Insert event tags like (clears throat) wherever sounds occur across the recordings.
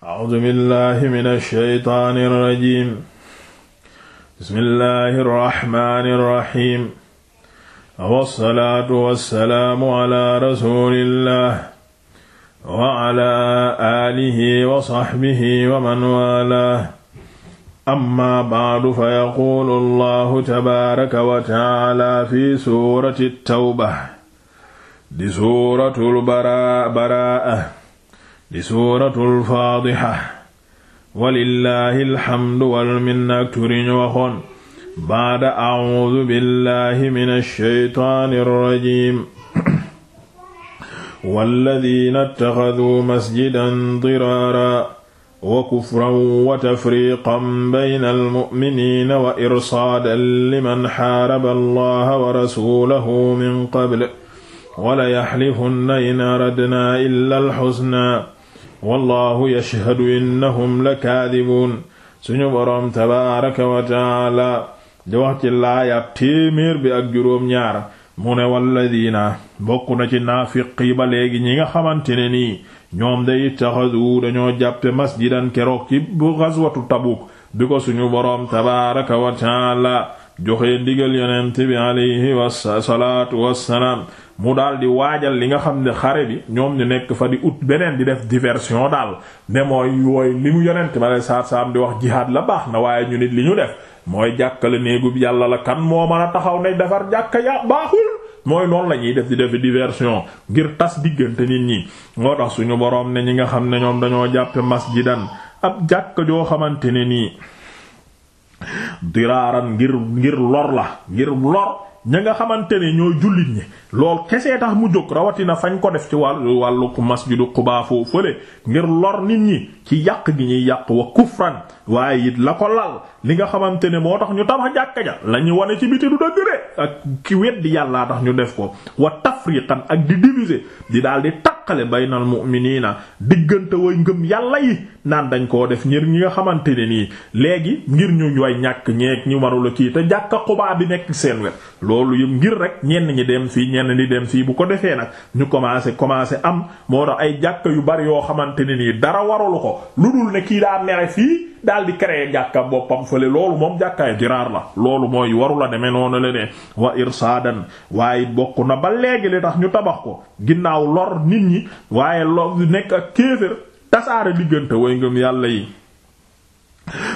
A'uuzu billaahi mina shaytaani rajiim. Bismillaahi rahmaani rahiim. Wassalaatu wassalaamu alaa rasuulillaah wa alaa aalihi wa sahbihi wa man waalaah. Ammaa ba'du fa yaquulu Allaahu tabaaraka wa ta'aalaa fi suurati Tawba di suuratul Baraa'a. di suuratul faadiha walillaahi alhamdu walminna ak turiñu waxoon baada audu billahi min alsheytaani alrajim walladina ittaxaduu masjidan diraara wa kufran wa tafriqan bayna almu'miniina wa irsaadan liman xaaraba allaha wa rasuulahu min qabl wa la yaxlifunna in aradnaa illa alxusnaa wallahu yashhadu innahum lakaadibuun suñu boroom tabaaraka wa taala di wax ci laayab téeméer bi ak juróom-ñaar mu ne walladiina bokk na ci naafiq yi ba léegi ñi nga xamante ne nii ñoom day taxadu dañoo jàppe masjidan keroog ci bu gaswatu Tabuk bi ko suñu boroom tabaaraka wa joxe ndigal yonent bi alayhi wasalaatu wassalaam mu daal di waajal li nga xam ne xare bi ñoom ñu nekk fa di ut beneen di def diversion daal ne mooy yooyu li mu yonent ma lay saat saam di wax jihaad la baax na waaye ñu nit li ñu def mooy jàkkale néegub yàlla la kan moo mën a taxaw ne defar jàkka ya baaxul mooy loolu lañuy ñuy def di def diversion ngir tas diggante nit ñi moo tax suñu boroom ne ñi nga xam ne ñoom dañoo jàppe masjidan ab jàkka xamante ne nii diraaran ngir ngir lor la ngir lor ña nga xamante ne ñooy jullit ñi lool kese tax mu jóg rawatina fañ ko def ci wàllu wàllu masjidu Quba foo fële ngir lor nit ñi ci yàq gi ñuy yàq wa kufran waaye it la ko lal li nga xamante ne moo tax ñu tabax jàkka ja la ñu ci biti du dëgg de ak ki weddi yàllaa tax ñu def ko wa tafriqan ak di diviser di daal di taqale baynal mu'minina diggante way ngëm yàlla yi naan dañ koo def ngir ñi nga xamante ne nii léegi ngir ñu way ñàkk ñeeg ñu warula kii te jàkka xubaa bi nekk seen wet loolu yëpp ngir rek ñenn ñi dem fii ñenn ñi dem fii bu ko defee nag ñu commencé commencé am moo tax ay jàkka yu bari yoo xamante ne nii dara waralu ko lu dul ne kii daa mere fii daal di créer jàkka boppam fële loolu moom jàkkaay diraar la loolu mooy waru la demee noonu la ne wa irsaadan waaye bokk na ba léegi li tax ñu tabax ko ginnaaw lor nit ñi waaye lor nekk ak kéefër tasaare diggante way ngëm yàlla yi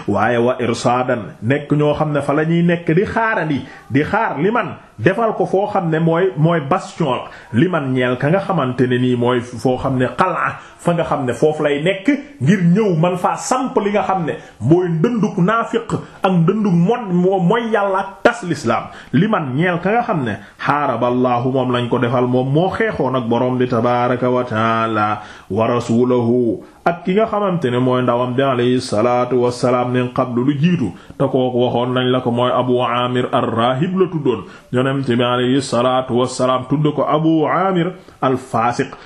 waaye wa saadan nekk ñoo xam ne fa la ñuy nekk di xaarandi di xaar li man defal ko foo xam ne mooy mooy bastion la li man ñeel ka nga xamante ne nii mooy foo xam ne xala fa nga xam ne foofu lay nekk ngir ñëw man faa samp li nga xam ne mooy ndëndug naafiq ak ndëndug mo mooy yàlla tas lislaam li man ñeel ka nga xam ne xaaraballaahu moom lañ ko defal moom moo xeexoon ak borom bi tabaraka wa taala wa rasulahu ak ki nga xamante ne mooy ndawam bi alayhi salaatu wassalaam min qablu lu jiitu te ko waxoon nañ la ko mooy abu amir ar-rahib la tuddoon yonent bi alayhi salaatu wassalaam tudd ko abu amir al-fasiq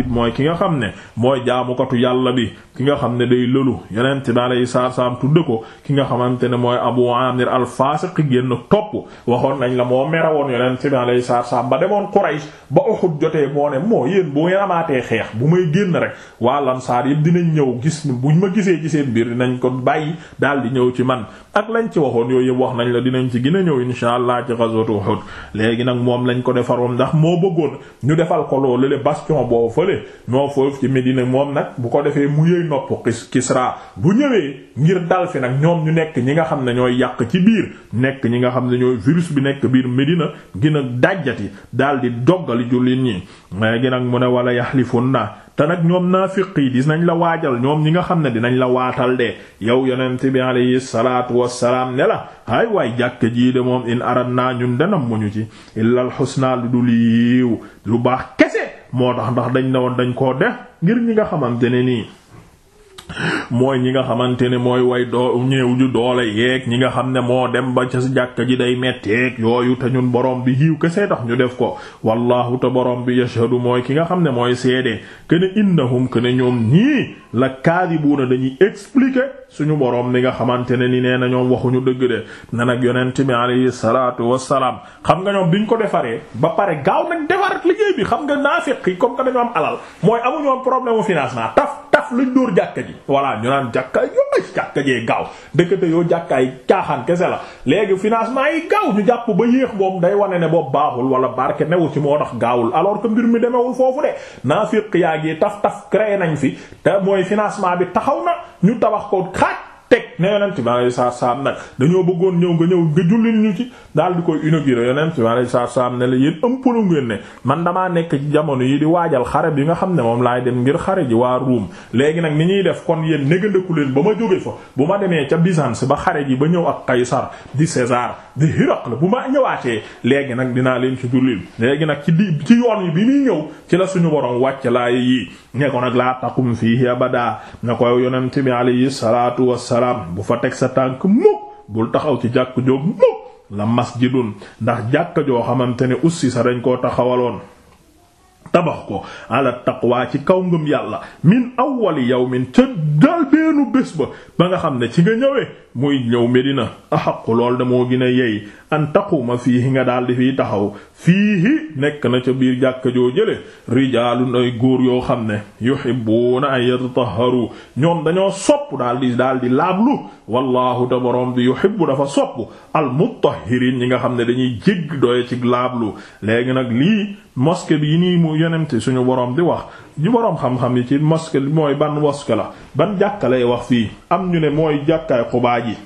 zaahid mooy ki nga xam ne mooy jaamukatu yàlla bi ki nga xam ne day lëlu yeneen ci daal saar saam tudd ko ki nga xamante ne mooy Abu Amir al-Fasiq génn topp waxoon nañ la moo merewoon yeneen ci daal di saar saam ba demoon Quraysh ba Uhud jotee moo ne moo yéen bu ngeen xeex bu may génn rek waa Ansaar yëpp dinañ ñëw gis buñ ma gisee ci seen biir dinañ ko bàyyi daal di ñëw ci man ak lañ ci waxoon yooyu yëpp wax nañ la dinañ ci gën a ñëw insha Allah ci ghazwatu Uhud léegi nag moom fële noo foofu ci Medina moom nag bu ko defee mu yëy nopp Kisra bu ñëwee ngir dal fi nag ñoom ñu nekk ñi nga xam ne ñooy yàq ci biir nekk ñi nga xam ne ñooy virus bi nekk biir Medina gën a dajjati daal di doggali jullit ñi léegi nag mu ne wala naa te nag ñoom naa fiq yi dinañ la waajal ñoom ñi nga xam ne dinañ la waatal de yow yonent bi alayhi salaatu wassalaam ne la ay waay jàkk jii de moom in aradna ñun denam muñu ci illal husna lu moo tax ndax dañ ne woon dañ koo def ngir ñi nga xamante ne nii mooy ñi nga xamante ne mooy way doo ñeew ju doole yeeg ñi nga xam ne moo dem ba ca jàkka ji day metteeg yooyu te ñun borom bi yiw kese tax ñu def ko wallahu te borom bi yashhadu mooy ki nga xam ne mooy seede kene innahum kene ñoom ñii la kaadibuuna dañuy expliquer suñu borom ni nga xamante ne ni nee na ñoom waxuñu dëgg de na nag yonent bi alayhi salaatu wassalaam xam nga ñoom biñ ko defaree ba pare gaaw nañ defar liggéey bi xam nga naafiq yi mooy amuñu mu financement taf taf lañ dóor jàkka ji voilà ñu naan jàkka yoo jàkka jee gaaw dëkkate yoo ay caaxaan kese la léegi financement yi gaaw ñu jàpp ba yéex boobu day wane ne boobu baaxul wala barke newu ci moo tax gaawul alors que mbir mi demewul foofu de naafiq yaa ngi taf taf créé nañ fi te mooy financement bi taxaw na ñu tabax ko xaaj ne yonent bi alayhi salaatu salaam nag dañoo bëggoon ñëw nga ñëw nga jullil ñu ci daal di koy inaugurer yonent bi alayhi salaatu salaam ne la yéen ëmpalu ngeen ne man damaa nekk ci jamono yi di waajal xare bi nga xam ne moom laay dem ngir xare ji waa Ruum léegi nag ni ñuy def kon yéen négandeku leen ba ma jóge fa bu ma demee ca Byzance ba xare ji ba ñëw ak Qaysar di César di Hiraql bu ma ñëwaatee léegi nag dinaa leen ci jullil léegi nag ci di ci yoon yi bi muy ñëw ci la suñu borom wàcc laa yi ne ko nag laa taqum fiihi abada na koy yonent bi alayhi salaatu wassalaam bu fa teg sa tànk mukk bul taxaw ci jàkk joo mukk la masjidun ndax jàkk joo xamante ne ussi sa dañ koo taxawaloon tabax ko ala taqwa ci kaw ngëm yàlla min awwali yawmin ca dal beenu bés ba ba nga xam ne ci nga ñëwee muy ñëw Medina axaqu lool da moo gën a yey an taquma fiihi nga daal di fiy taxaw fiihi nekk na ca biir jàkka joo jële rijaalun ay góor yoo xam ne yuhibbuuna ay yatatahharu ñoom dañoo sopp daal di daal di laablu wallahu te boroom bi yuhibbu dafa sopp al mutahhirin ñi nga xam ne dañuy jégg doye ci laablu léegi nag lii mosquée bi yi nii mu yonente suñu borom di wax ji borom xam-xam yi ci bi mooy ban mosquée la ban jàkka wax fii am ñu ne mooy jàkkaay xubaa ji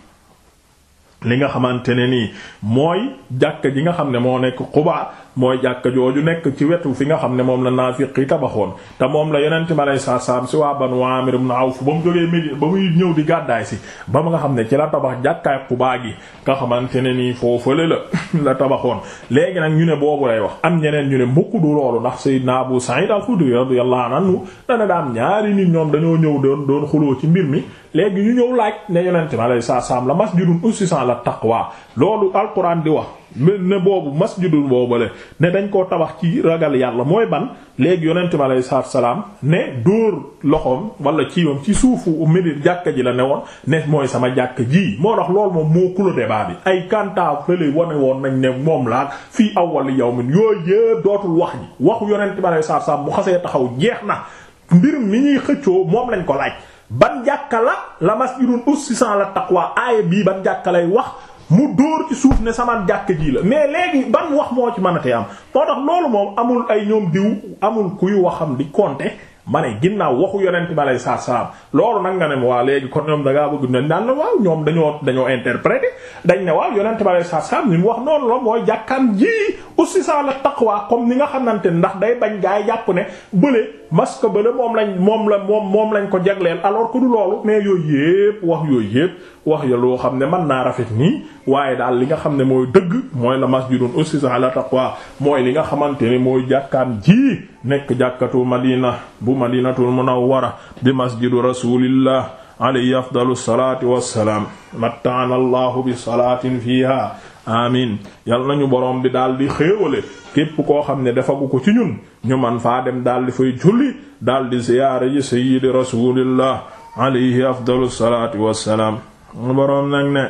li nga xamante ne nii mooy jàkka ji nga xam ne moo nekk xubaa mooy jàkka jooju nekk ci wetu fi nga xam ne moom la naafiq yi tabaxoon te moom la yonent ma lay saa saam si waa Banu Amir ibn Awf ba mu jógee Médine ba muy ñëw di gàddaay si ba mu nga xam ne ci la tabax jàkkaay Quba gi nga xamante ne nii foofale la (laughs) la tabaxoon léegi nag ñu ne boobu lay wax am ñeneen ñu ne mbokk du loolu ndax sey naa bu Abu Sa'id al-Khudri radiyallahu anhu dana daam ñaari nit ñoom dañoo ñëw doon doon xuloo ci mbir mi léegi ñu ñëw laaj ne yonent mi alayhi salaam la masjidun ussisa la waa loolu alquran di wax ne boobu masjidun boobale ne dañ koo tabax ci ragal yàlla mooy ban léegi yonent mi alayhi salaam ne dóor loxoom wala ci yoon ci suufu Médine jàkka ji la ne woon ne mooy sama jàkk ji moo tax loolu moom moo kulo débat bi ay kanta fële wane woon nañ ne moom laa fii awwal yawmin yooyu yëpp dootul wax ji waxu yonent mi alayhi salaam bu xasee taxaw jeex na mbir mi ñuy moom lañ ko laaj. ban jàkka la la masjidun la ala waa aaya bii ban jàkka wax mu dóor ci suuf ne sama jàkk jii la mais léegi ban wax moo ci mën a am moo tax loolu moom amul ay ñoom diw amul kuy waxam di konte ma ne ginnaaw waxu yonent bi alayhi salaatu salaam loolu nag nga ne ma waa léegi kon ñoom da ngaa bëgg ne naan la ñoom dañoo dañoo interpréter dañ ne waaw yonent bi alayhi salaatu salaam li mu wax noonu la mooy jàkkaan ji ussisa ala taqwa comme ni nga xamante ne ndax day bañ gaay jàpp ne bële masque bële moom lañ moom la moom moom lañ ko jagleel alors que loolu mais yooyu yépp wax yooyu yépp wax ya loo xam ne mën naa rafet nii waaye daal li nga xam ne mooy dëgg mooy la masjidun ussisa ala taqwa mooy li nga xamante ne mooy jàkkaan ji nekk jàkkatu madina bu madinatul munawwara di masjidu rasulillah alayhi afdalu salaati wassalaam mattaana allahu bi salaatin fiiha amin yal nañu borom bi daal di xéewale képp koo xam ne defagu ko ci ñun ñu man faa dem daal di fay julli daal di ziyaara ji sayyidi rasulillah alayhi afdalu salaati wassalaam borom nag ne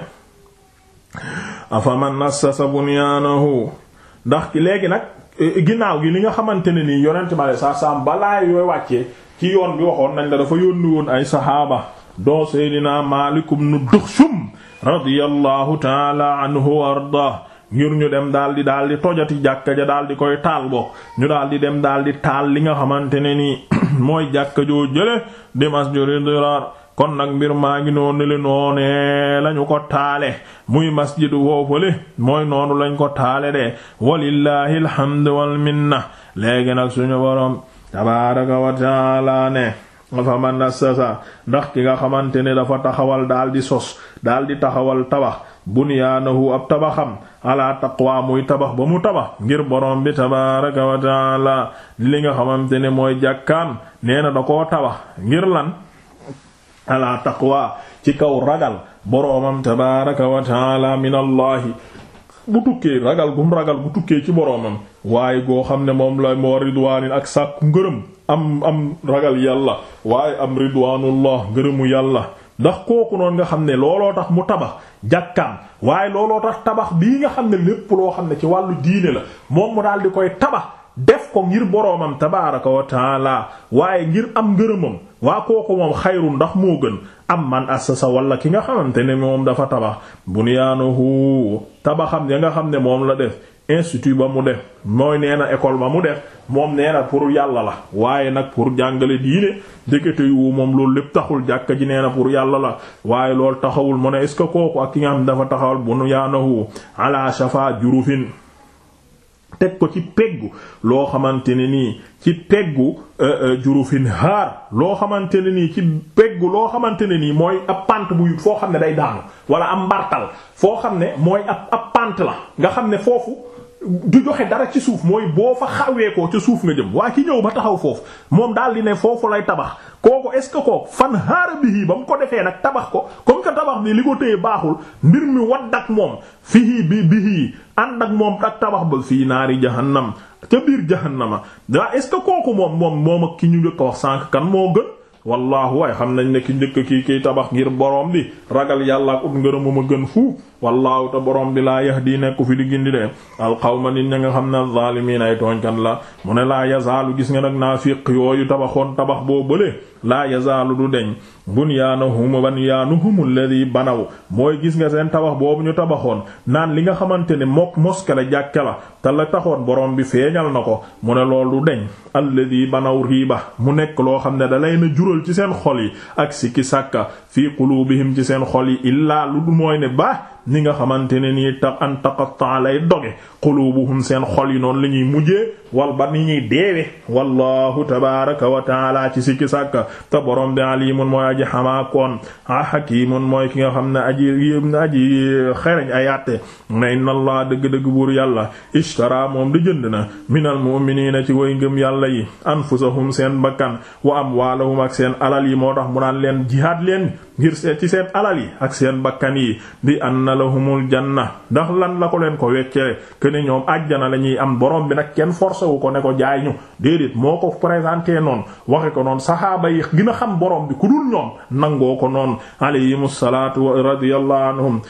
afaman assasa bunyaanahu ndax léegi nag ginnaaw gi li nga xamante ne nii yonent ma saa saam balaa yooy wàccee ci yoon bi waxoon nañ la dafa yónni woon ay saxaaba doo Seydina Maalik ibn Duxsum radiyallahu taala anhu wa ardaa ngir ñu dem daal di daal di tojati jàkka ja daal di koy taal bokk ñu daal di dem daal di taal li nga xamante ne nii (clears throat) mooy jàkka joo jële di masjidul Diraar kon nag mbir maa ngi noonu le noonee lañu ko taale muy masjid woofale mooy noonu lañ ko taale de walillahi alhamdu wal minna léegi nag suñu borom tabaaraka wa taala ne fa man assasa ndax ki nga xamante ne dafa taxawal daal di sos daal di taxawal tabax bunyaanahu ab tabaxam ala taqwa muy tabax ba mu tabax ngir borom bi tabaaraka wa taala li nga xamante ne mooy jàkkaam nee na da koo tabax ngir lan ala taqwa ci kaw ragal boroomam tabaraka wa taala min allahi bu tukkee ragal gum ragal bu tukkee ci boroomam waaye goo xam ne moom la moo ridwaanin ak sàkku ngërëm am am ragal yàlla waaye am ridwaanullah ngërëmu yàlla ndax kooku noon nga xam ne looloo tax mu tabax jàkkaam waaye looloo tax tabax bii nga xam ne lépp loo xam ne ci wàllu diine la moom mu daal di koy tabax def ko ngir boroomam tabaaraka wa taala waaye ngir am ngërëmam waa kooku moom xayru ndax moo gën am man assasa wala ki nga xamante ne moom dafa tabax bu bunyaanahu tabaxam ya nga xam ne moom la def institut ba mu def mooy nee na école ba mu def moom nee na pour yàlla la waaye nag pour jàngale diine dëkkate yu moom loolu lépp taxul jàkka ji nee na pour yàlla la waaye loolu taxawul mu ne est-ce kooku ak ki nga xam dafa taxawal bunyaanahu ala shafa jurufin teg ko ci peggu loo xamante ne nii ci peggu euh, euh, jurufin haar loo xamante ne nii ci peggu loo xamante ne nii mooy ab pant bu foo xam ne day daanu wala am mbartal foo xam ne mooy ab ab pant la nga xam ne foofu du joxe dara ci suuf mooy boo fa xawee ko ca suuf nga jëm waa ki ñëw ba taxaw foofu moom daal di ne foofu lay tabax kooku est ce que kooku fan haara bi ba mu ko defee nag tabax ko comme que tabax bi li ko téye baaxul mbir mi wadd ak moom fii bi bii ànd ak moom ak tabax ba fii naari jahannam ca biir jahannama daa est ce que kooku moom moom moom ak ki ñu njëkk a wax sànq kan moo gën. wallaahu waay xam nañ ne ki njëkk kii kiy tabax ngir borom bi ragal yàlla ak ut ngërëmu ma gën fu wallaahu te borom bi laa yahdi nekku fi di gindi de alqawma nit ña nga xam ne zaalimiin ay tooñkan la mu ne laa yazaalu gis nga nag naafiq yooyu tabaxoon tabax boo bële laa yazaalu du deñ na bunyaanuhum bunyaanuhum alladhi banaw mooy gis nga seen tabax boobu ñu tabaxoon naan li nga xamante ne mokk moske la jàkke la te la taxoon borom bi feeñal na ko mu ne loolu du deñ alladhi banaw riiba mu nekk loo xam ne da lay na jural ci seen xol yi ak sikki sàkka fii qulubihim ci seen xol yi illaa lu mooy ne ba ni nga xamante ne nii tax an taqatta lay doge qulubuhum seen xol yi noonu la ñuy mujjee wal ba ni ñuy deewe wallahu tabaraka wa taala ci sikki sàkka te borom bi alimun mooy aji xamaa koon ah hakimun mooy ki nga xam ne aji aji xereñ ayatte na inna allah dëgg-dëgg buur yàlla ishtara moom di jënd na minal mu'minina ci way ngëm yàlla yi anfusahum seen bakkan wa amwaalahum ak seen alal yi moo tax mu naan leen jihaad leen ngir seet ci seen alal yi ak seen bakkan yi bi anna lahumul janna ndax lan la ko leen ko weccee que ne ñoom àjjana la ñuy am borom bi nag kenn forcé wu ko ne ko jaay ñu déedéet moo ko présenter noonu waxe ko noonu saxaaba yi gën a xam borom bi ku dul ñoom nangoo ko noonu alayhimu salaatu wa radiyallahu anhum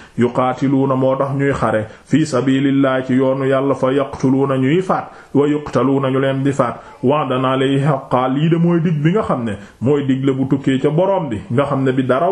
na moo tax ñuy xare fi sabilillahi ci yoonu yàlla fa yaqtuluuna ñuy faat wa na ñu leen di faat wa'dan alayhi haqqan lii de mooy dig bi nga xam ne mooy dig bu tukkee ca borom bi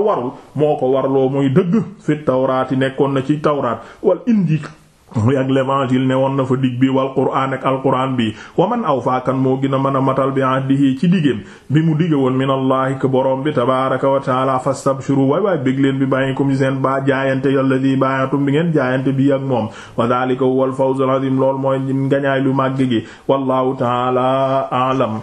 warul moo ko warloo muy dëgg fi tawraati nekkoon na ci tawraat wal injiil muy ak l'évangile ne woon na fa dig bi wal quraan ak alquran bi wa man awfaa kan moo gën a mën a matal bi ahdihi ci digéem bi mu diggee woon minallahi ke boroom bi tabaraka wa taala fastabshiru waay waay bég leen bi bàyyinkum ci seen ba jaayante alladi baayatum bi ngeen jaayante bi ak moom wa dhalika huwal fawzul azim lool mooy ngañaay lu màgg gi wallahu taala aalam